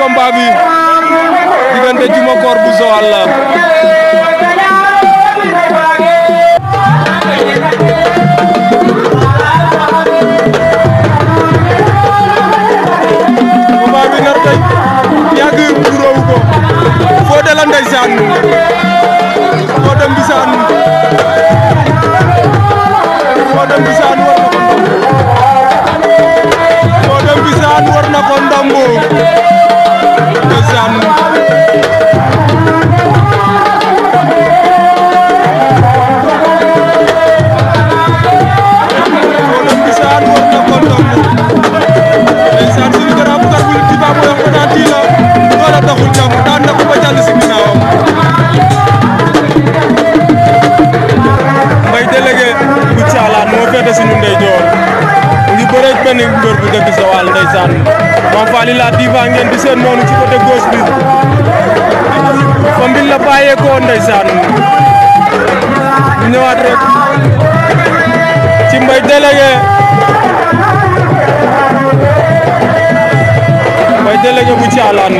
combat bi diggante Juma Koor bu Joal la délégué mooy délégué bu caalaan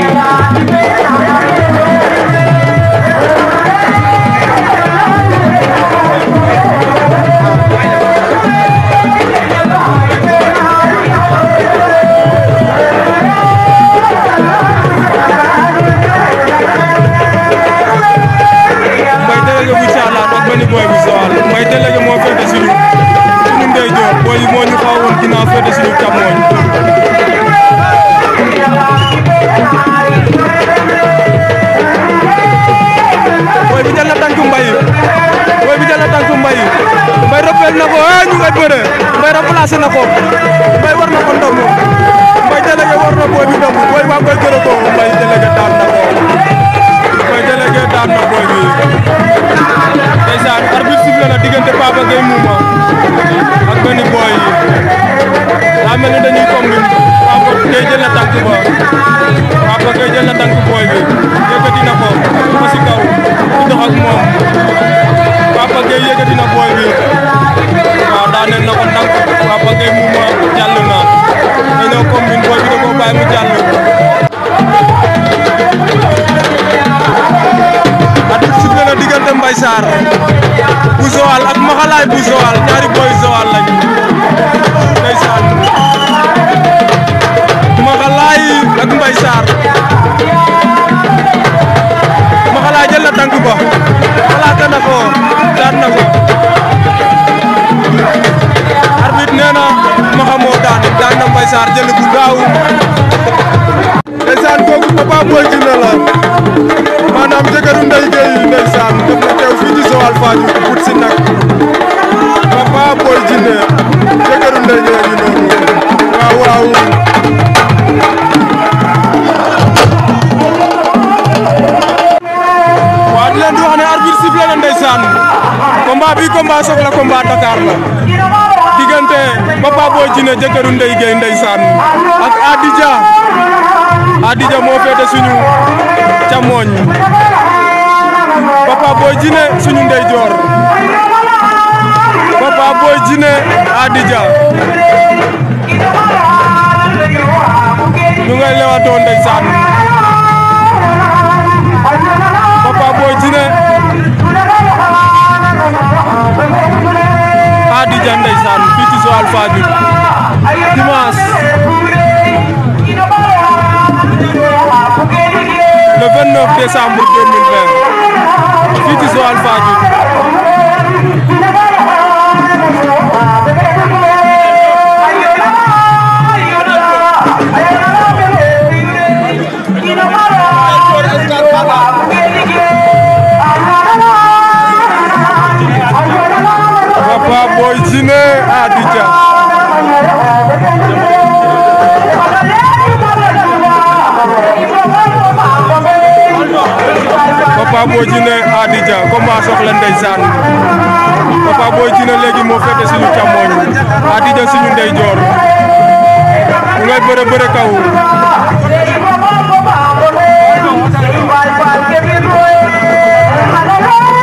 na ko ah ñu ngay bëre Mbaye remplacé na ko Mbaye war na ko ndombo Mbaye délégué war na booy bi ndombo booy waa Mbaye gërëm ko daan na ko Mbaye délégué daan na booy bi ndeysaan arbitre sifflé na diggante Papa Gueye Mouma ak benn booy yi daa mel ni dañuy combine na tànk ba Papa Gueye jël na tànk na ko ba si kaw di dox ak moom na booy bi booy bi da koo bàyyi mu jàll. at bi sifflé na diggante Mbaye Sarr bu Joal ak Maxalaay bu Joal ñaari booy Joal lañu ndeysaan Maxalaay ak Mbaye Sarr Maxalaay jël na tànk ba xalaat a ko daan na ko. Boy Sarr jël bu gaaw ndeysaan kooku Papa Boy Djiné la maanaam jëkkëru Ndeye Gueye ndeysaan def na teew fii ci Joal Fadiouth wut si nag Papa Boy waa di leen di wax ne arbitre sifflé na ndeysaan combat bi combat soog la combat la diggante Papa Boy Djiné jëkkëru Ndeye Adija Adija moo féete suñu càmmoñ Papa Boy Djiné suñu ndeyjoor Papa Adija ñu ngay lewatoo ndeysaan Papa Boy Faa Diagne ndeysaan fii dimanche le 29 décembre 2020 Papa Boy Djiné Ady Dia combat soxla ndeysaan Papa Boy Djiné léegi moo féete suñu càmmoñ Ady Dia suñu ndeyjoor mu ngay bëre bëre kaw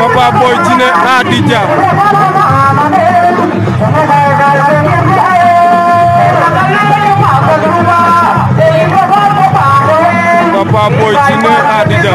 Papa Boy Djiné Ady Dia Papa Boy Djiné Ady Dia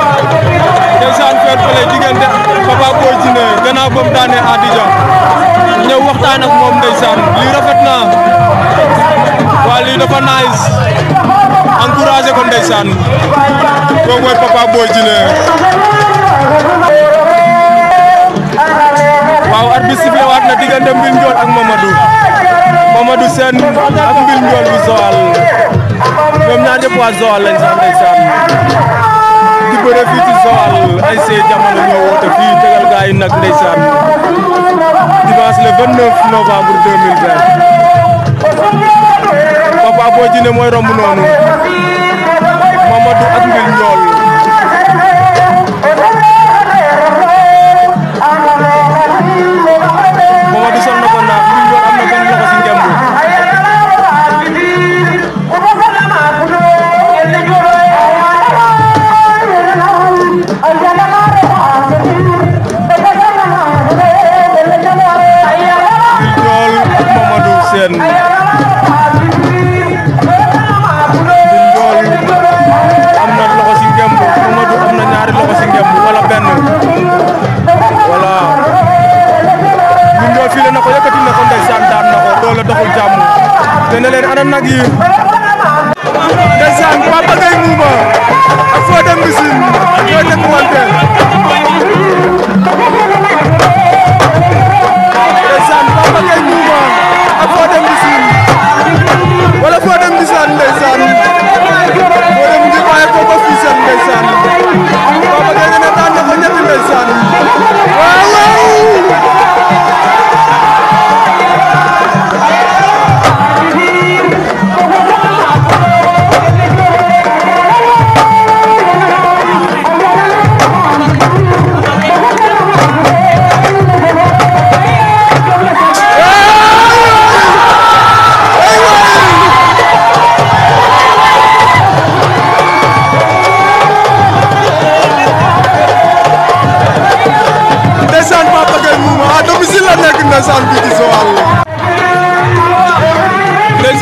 ndeysaan fair play diggante Papa Boy Djiné gannaaw ba daane Adija ñëw waxtaan ak moom ndeysaan lii rafet na waa lii dafa nice encouragé ko ndeysaan kooku mooy Papa Boy Djiné waaw arbitre sifflé waat na diggante Mbine Ndiol ak Mamadou Mamadou Sène ak Mbine Ndiol bu Joal ñoom ñaar ñëpp waa Joal lañ sax ndeysaan di bëre fii ci Joal ay see jamono ñoo woote fii tegal gaa yi nag ndeysaan dimanche le 29 novembre 2020 Papa Boy Djiné mooy romb noonu Mamadou ak Ngil Ndiol nag yi ndeysaan Papa Gueye Mouba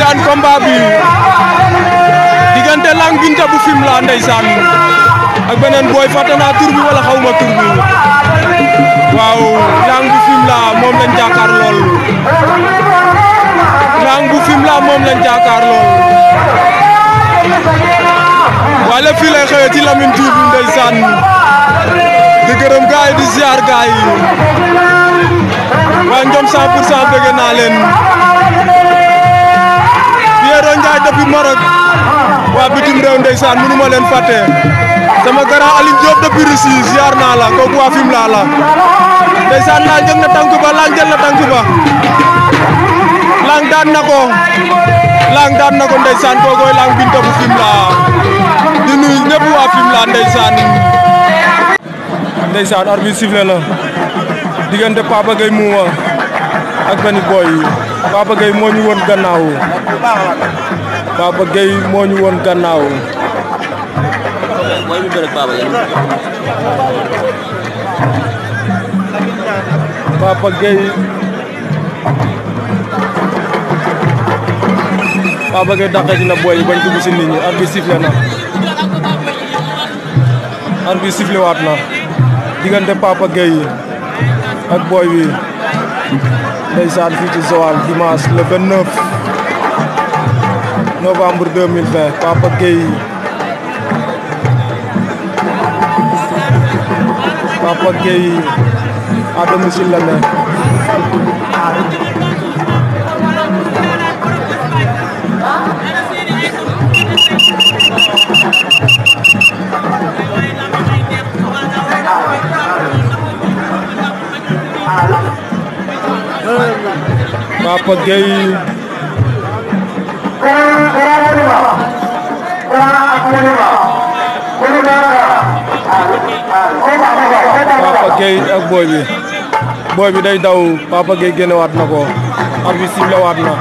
ndeysaan combat bi diggante Lang Binta bu la ndeysaan ak beneen boy fàtte naa tur bi wala xawma tur bi waaw Lang bu la mom lañ jakar lol Lang bu la mom lañ jakar lol wala fii lay xëyee ci Lamine TV ndeysaan di gërëm gaay di ziar gaay waa Njom 100 pour bëgg naa leen Ndiaye depuis Maroc wa bitim rew ndeysaan mënu ma leen sama grand Aline Diop depuis Russie ziar na la ko wa fim la la ndeysaan la njëg na tànk ba la njël na tànk ba lang dan na ko lang daan na ko ndeysaan kookoy lang binta bu fim la di nuy ñep wa fim la ndeysaan ndeysaan arbitre sifflé la digënde Papa mu wa ak benn boy Papa gay mo ñu won gannaaw Papa Gueye moo ñu woon gannaaw. Papa Gueye Papa Gueye dàqee ci na booy yi bañ dugg si nit ñi arbitre bi sifflé na arbitre bi na diggante Papa Gueye ak booy wi ndeysaan fii ci Joal dimanche le 29 novembre 2020 Papa Gueye Papa Gueye à domicile la ne Papa Gueye Papa Gueye ak booy bi booy bi day daw Papa Gueye génnewaat na ko ak bi siblewaat na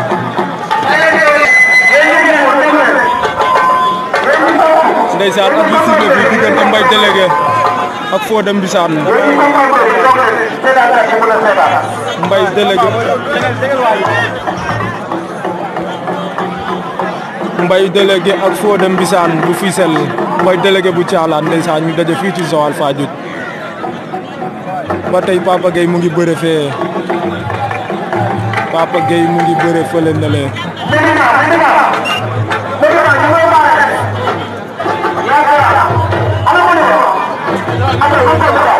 ndeysaan ak bi sible bi diggante mbay délégué ak foo dem bi saan mbay délégué mbay délégué ak dem Mbissane bu Fissel mbay délégué bu Thialane ndeysaan ñu daje fii ci Joal Fadiouth ba tey Papa gay mu ngi bëre fee Papa gay mu ngi bëre fële na lee Thank you.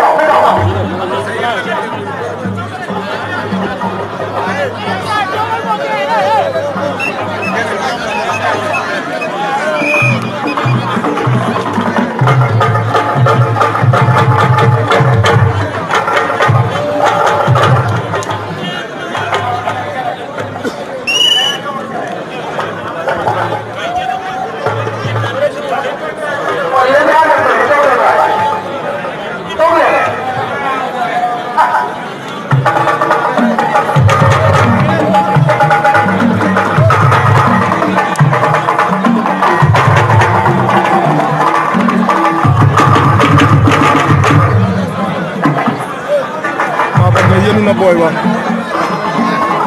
booy ba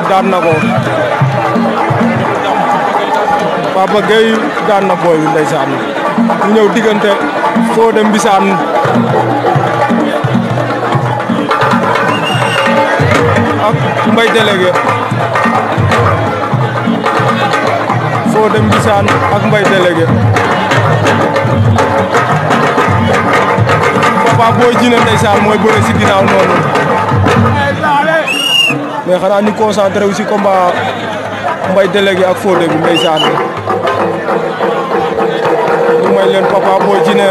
daan na ko Papa Gueye daan na booy bi ndeysaan ñu ñëw diggante Fodé Mbissane ak Mbaye délégué Fodé Mbissane ak Mbaye délégué Papa Boy Djiné ndeysaan mooy bëre si ginnaaw noonu mais xanaa ni concentré wu si combat Mbaye délégué ak Fodé bi ndeysaan ñu may leen Papa Boy Djiné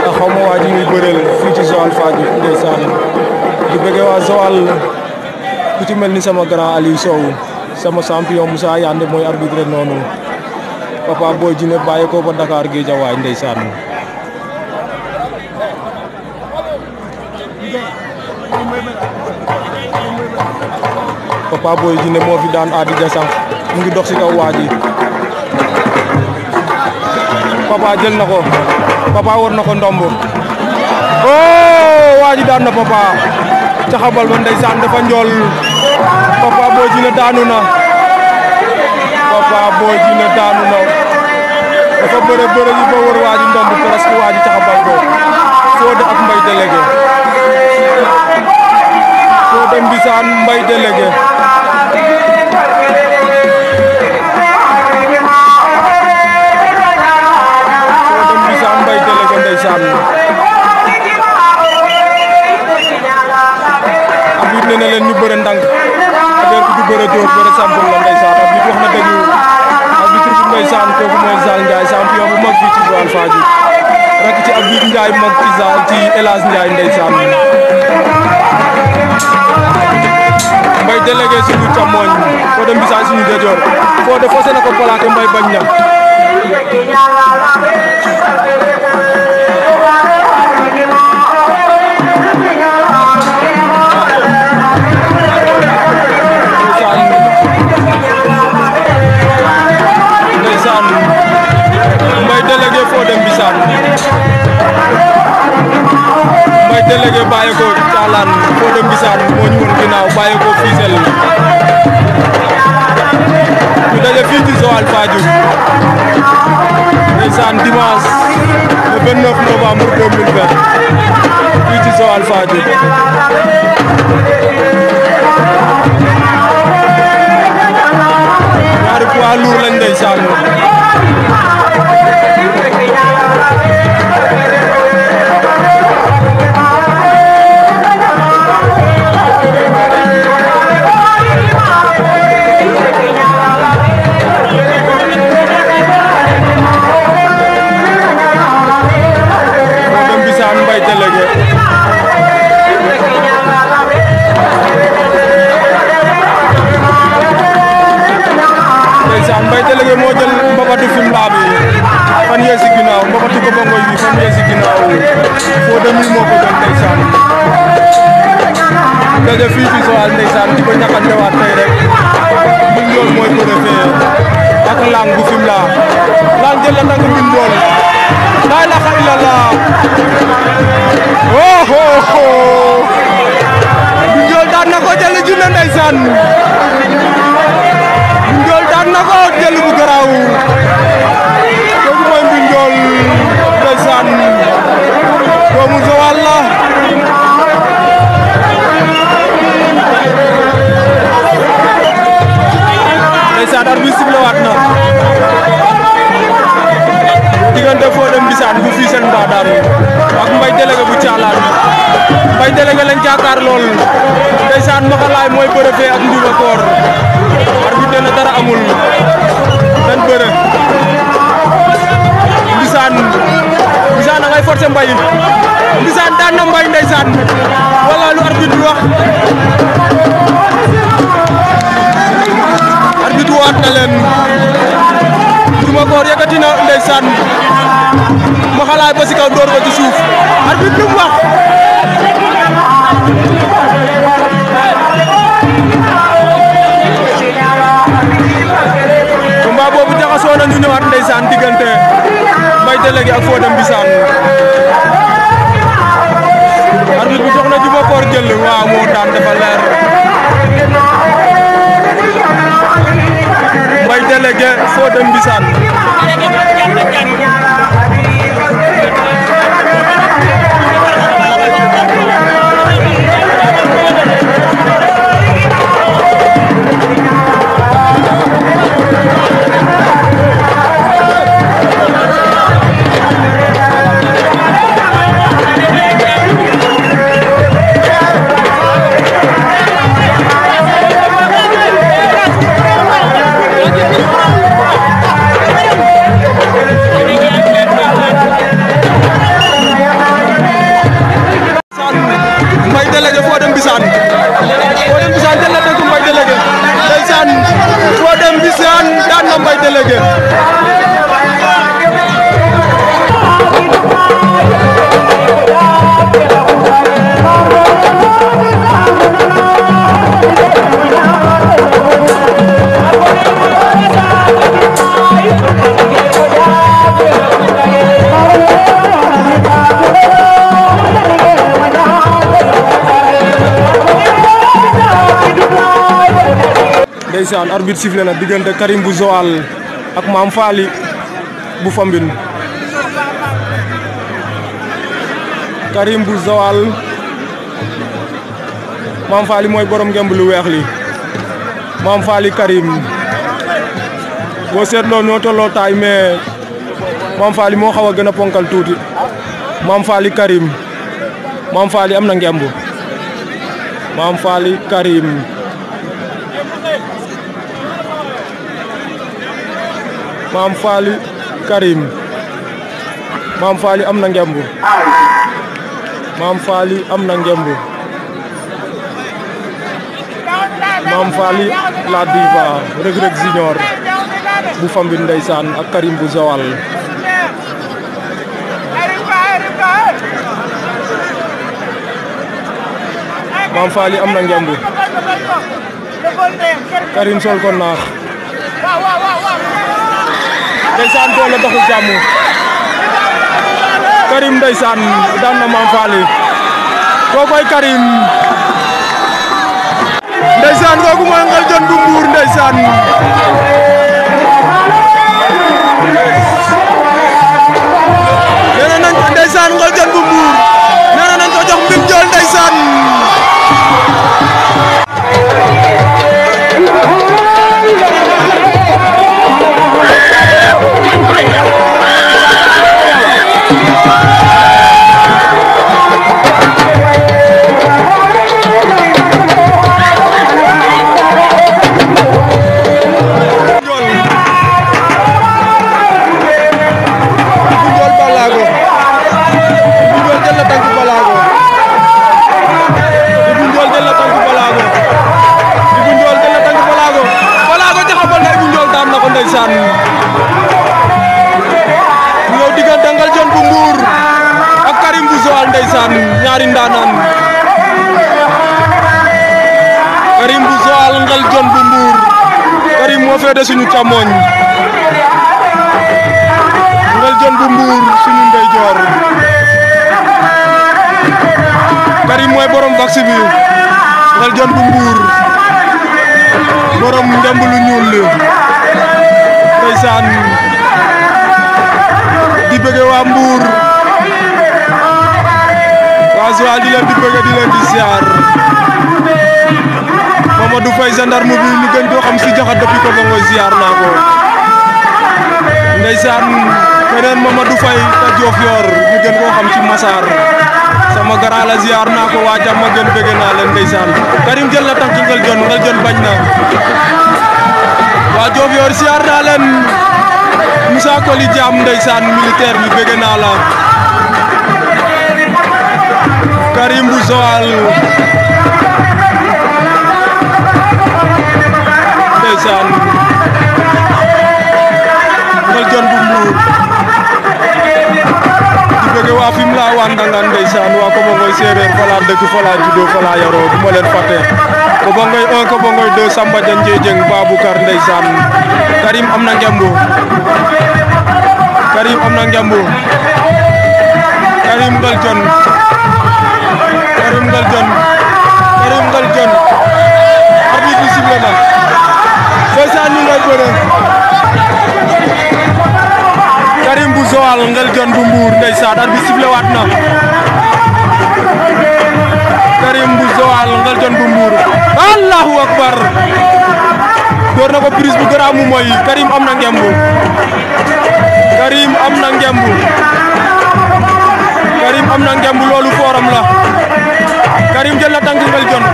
ndax xaw ma waa ji ñuy bëreel fii ci Joal Fadiouth ndeysaan di bëggee waa Joal ku ci mel ni sama grand Aliou Sow sama champion Moussa Yande mooy arbitre noonu Papa Boy Djiné bàyyi ko ba Dakar Guédiawaye ndeysaan Pape Boy Djiné moo fi daan Ady Diassakh mu ngi dox ci kaw waa ji Papa jël na ko Papa war na ko ndomb oh waa ji daan na Papa caxabal ba ndeysaan dafa njool Papa Boy Djiné daanu na Papa Boy Djiné daanu na dafa bëre bëre yi ba wër waa ji ndomb presque waa ji caxabal ko Sode ak Mbaye délégué Sode Mbisaan Mbaye délégué ne leen ñu bëre ndànk affaire bi du bëre dóor bëre champion la ndeysaan ak nit wax na dëgg ak nit bu ndeysaan kooku mooy Zal Ndiaye champion bu mag fii ci Joal Fadiouth rek ci ak nit Ndiaye mag ci Zal ci El Hadj Ndiaye ndeysaan Mbaye délégué suñu càmmoñ Fodé Mbissane suñu déjoor Fodé fose na ko plaqué Mbaye bañ na ndeysaan Mbaye délégué Fodé Mbissane mooy délégué bàyyi ko caalaan koo dem gisaan moo ñu woon ginnaaw bàyyi ko fii sell ñu daje fii ci Joal Fadiouth ndeysaan dimanche le 29 novembre 2020 Mbissane arbitre sifflé waat na diggante Fodé Mbissane bu fii seen mbaa daaru ak Mbaye Délégué bu caalaan Mbaye Délégué lañ jàkkaar lool ndeysaan Maxalaay mooy bëre fee ak Ndiouga Koor arbitre na dara amul dañ bëre Mbissane Mbissane a ngay forcé Mbaye Mbissane daan na Mbaye ndeysaan wala lu arbitre bi wax ñëwaat na leen duma koor ba si kaw door ko ci suuf wax combat boobu jaxasoo na ñu ñëwaat ndeysaan diggante Mbaye Délégué ak Fodé Mbissane arbitre bi jox na duma koor jël waaw daan dafa déggee foo dem bisaan ndeysaan arbitre sifflé na diggante Karim bu Joal ak Maam Faali bu fombin Karim bu Joal Maam Faali mooy borom ngemb lu weex li Maam Faali Karim boo seetloo ñoo tolloo taay mais Maam Faali moo xaw a gën a ponkal tuuti Maam Faali Karim Maam Faali am na ngemb Maam Faali Karim maam Faly Karim maam Faly am na ngemb maam Faly am na ngemb maam Faly la diva Reug Reug Junior bu Fambine ndeysaan ak Karim bu Joal maam Faly am na ngemb Karim sol ko naax ndeysaan doole doxul jàmm Karim ndeysaan daan na Mame Faly kookoy Karim ndeysaan kooku mooy Ngaljon bu Mbuur ndeysaan nee nañ ndeysaan Ngaljon bu Mbuur nee nañ ko jox mbir jool Thank you. ñaari ndaanaan karim bu zoal ngal jon bu mbuur karim moo féete suñu càmmoñ ngal jon bu mbuur suñu ndeyjoor karim mooy borom vax bi ngal jon bu mbuur borom ndemb lu ñuul ndeysaan di bëgge waa mbuur waaw si di leen di bëgg di leen di ziar Mamadou Faye gendarme bi ñu gën koo xam si jaxat depuis ko ba nako. ziar naa ko ndeysaan keneen Mamadou Faye ta Diof yor ñu gën sama gara ala ziar naa wajah waa jàmm gën bëgg naa leen ndeysaan Karim jël na tànk ngal jon ngal jon bañ na waa Diof yor ziar naa leen Moussa Koli Diam ndeysaan militaire la Karimbu Soal Desan, ngal bumbu. Dibagi wafim lawan bëgg Desan, fim laa waa ndangaan ndeysaan waa ko bongoy séeréer fa laa dëkk fa laa juddoo fa laa yaroo bu 1 2 Samba Karim am jambu Karim am na Karim Galjon Karim Galjon Karim Galjon arbitre bi sifflé na Boy Sane Karim bu Joal Galjon bu Mbour ndeysaan arbitre bi sifflé Karim bu Joal Galjon bu Mbour Allahu akbar door na ko prise bu garaaw mu mooy Karim am na ngemb Karim am na ngemb Karim am na ngemb loolu forum la Karim jël na tànku ñëwel jonn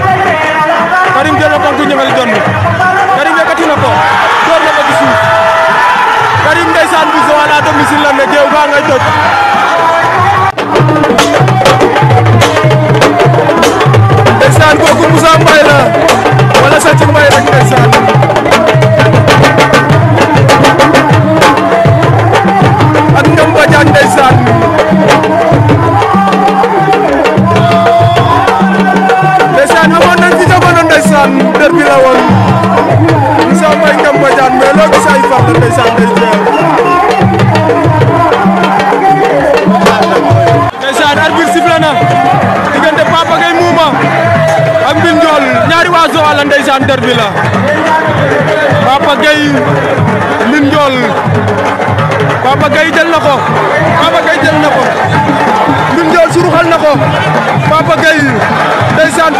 Karim jël na tànku ñëwel jonn Karim yëkkati na ko door na ko ci suuf Karim ndeysaan bu Joal à domicile la ne géew baa ngay toj daan derbi la Papa Gueye Lin Ndiol jël na ko Papa Gueye jël na ko Lin Ndiol suruxal na ko Papa Gueye ndeysaan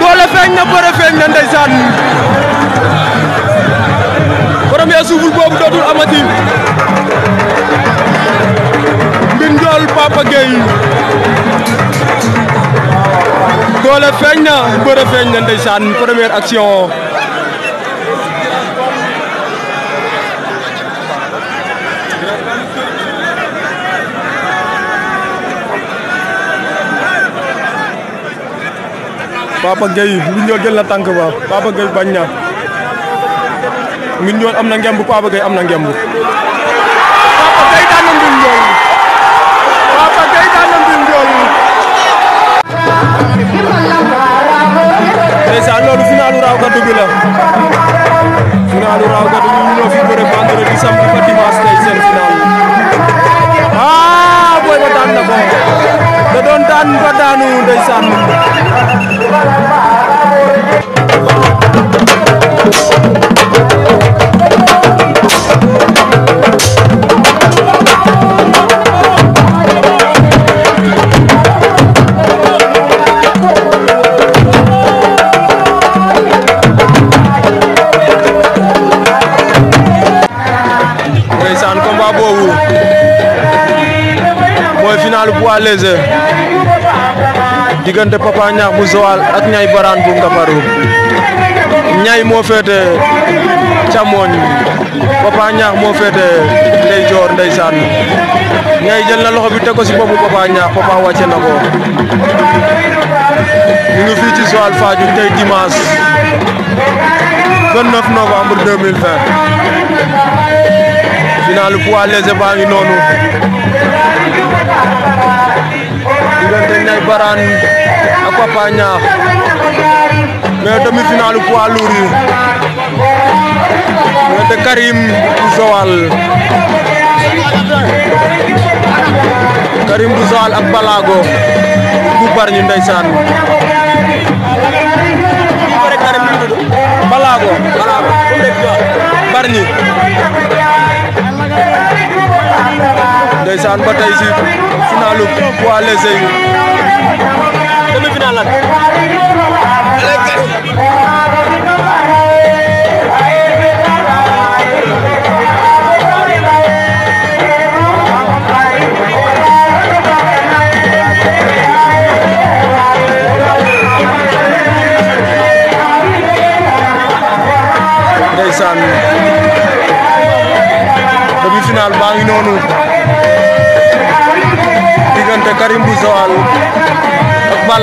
bëre feeñ na bëre feeñ na ndeysaan premier souffle boobu dootul amati Lin Ndiol le feigne na bëre feeñ na ndeysaan première action Papa ñu Mbinjool jël la tank ba Papa gay bañ na ñu am na Papa gay amna na raw gàddu bi la finalu raw gàddu ñu ñoo fi bëre vendredi samedi ba dimanche tey seen final ah booy ba daan na ko da doon daan ba daanu ndeysaan Thank you. poids léger diggante Papa Niakh bu Joal ak Niay Barane bu Ngaparou Niay moo féete càmmoñ Papa Niakh moo féete ndeyjoor ndeysaan Niay jël na loxo bi teg ko si boppu Papa Niakh Papa wàcce na ñu ngi fii ci Joal Fadiouth tey dimanche 29 novembre 2020 baa ngi noonu. diggante Ndiaye Barane ak Papa Niakh mais demi-finale poids lourd yi diggante Karim bu Joal Karim bu Joal ak Balago bu Bargny ndeysaan Balago Bargny ndeysaan ba tey si finalu poids léger yi demi final la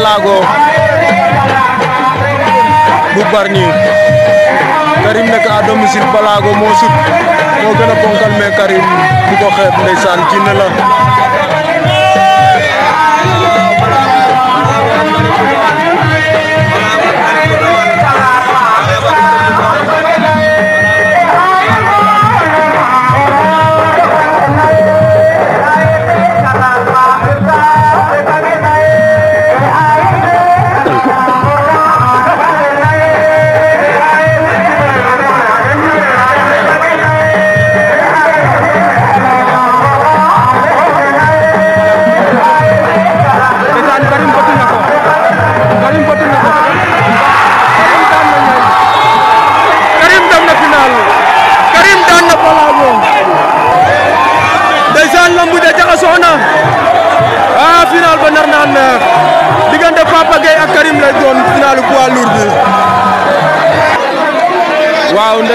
Laago nekk à domicile Balago moo sut moo gën a ponkal mais Karim bu ko xeeb ndeysaan la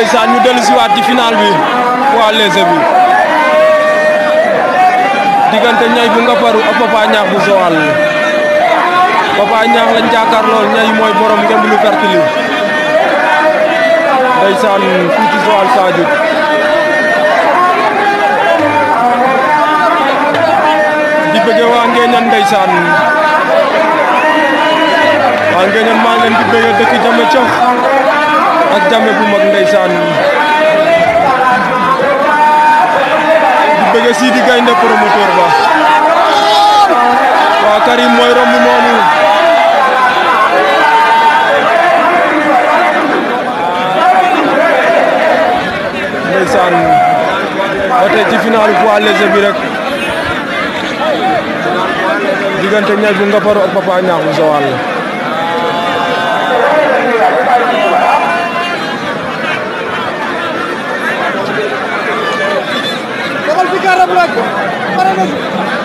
ndeysaan ñu dellu siwaat ci final bi waa léese bi diggante ñay bu nga faru ak papa ñaax bu sowal papa ñaax lañ jàkkaar lool ñay mooy borom ngeen lu verte li ndeysaan fii ci sowal sadio di bëgge waa ngeenan ndeysaan di dëkk ak jàmme bu mag ndeysaan di bëgg si di gaynde promoteur ba waa Karim mooy romb noonu ndeysaan ba tey ci final poids léger bi rek diggante ñay bu nga paru ak Papa Niakhou Joal wàcc pare na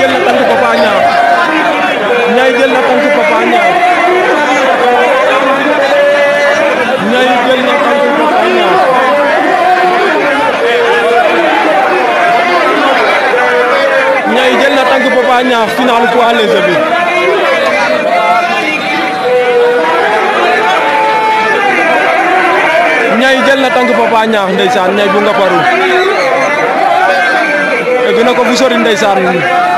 jël na ke Papa Niang Niay jël papanya, tank Papa ke papanya, jël na ke Papa Niang Niay jël na tank Papa Niang final poids léger bi Niay jël na tank Papa Niang ndeysaan Niay bu nga paru eh, gëna ko bu sori ndeysaan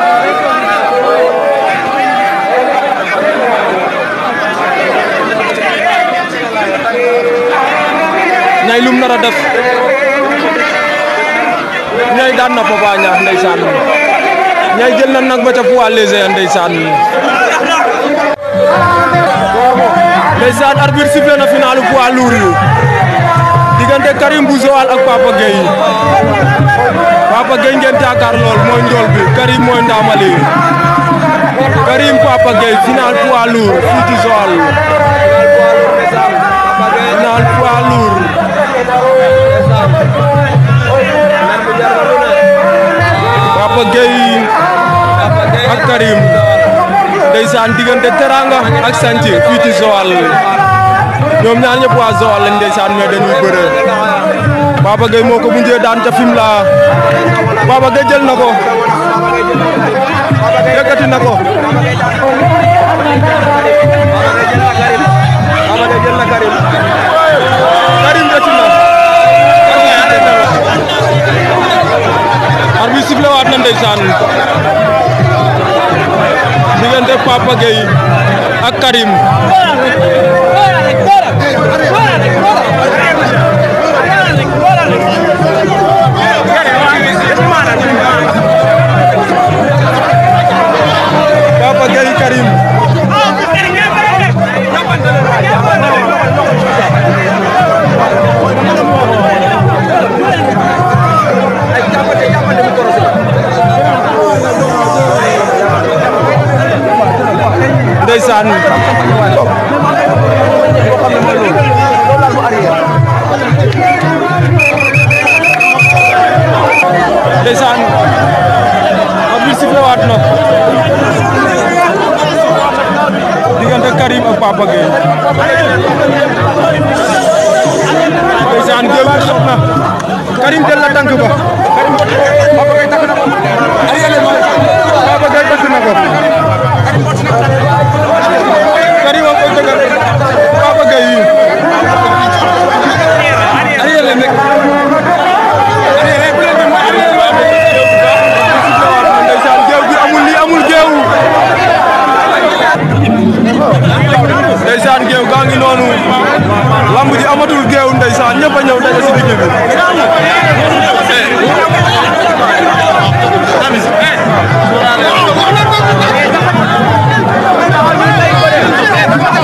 nay lum nara def ñay daan na papa ñaax ndeysaan ñay jël na nak ba ca poids léger ndeysaan ndeysaan arbitre sifflé na Karim Bou ak Papa Gueye Papa Gueye ngeen taakaar lool mooy bi Karim mooy ndaamali Karim Papa final poids lourd fii Karim ndeysaan diggante Teranga ak Santhié fii ci Joal ñoom ñaar ñëpp waa Joal lañ ndeysaan mais dañuy bëre Papa Gueye moo ko mujjee daan ca Fimela Papa Gueye jël na ko yëkkati na ko Arbitre bi sifflé waat na ndeysaan diggante Papa Gueye ak Karim Papa Gueye Karim ndeysaan ndeysaan abdou sifle waat na diggante Karim ak Papa Gueye ndeysaan géew bi sox na Karim del la tànk ba Karim Papa Gueye takk na ko Papa Gueye takk na ko Karim a koy dëggal Papa Gueye yi arrière la no,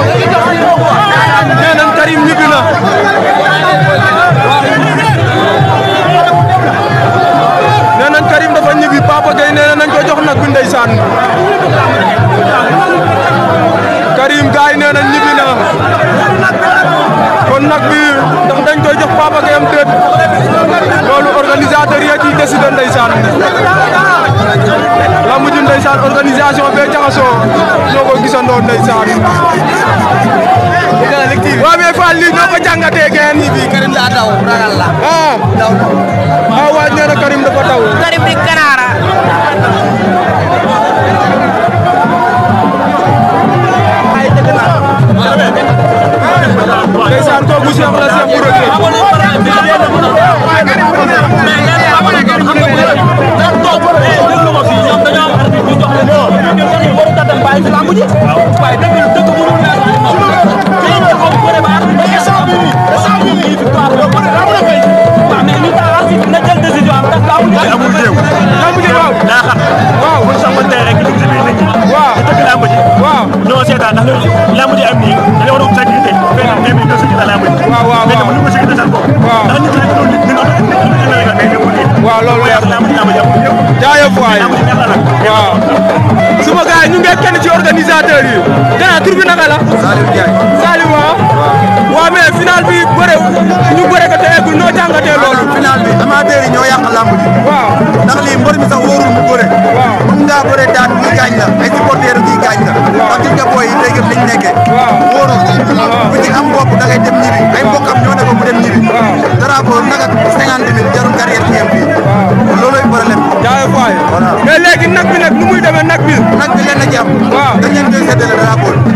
nag bi. nag bi leen a jàpp. waaw dañ leen koy séddale drapeau bi.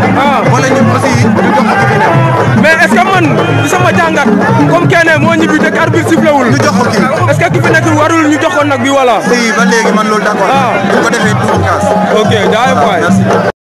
wala ñun aussi ñu jox ko kii mais est ce que sama jàngat comme kenn moo ñibbi te arbitre sifflewul. ñu jox ko kii est ce que warul ñu jox ko nag bi wala. si ba léegi man loolu d'accord. waaw ah. ko defee du ko ok jaay waay.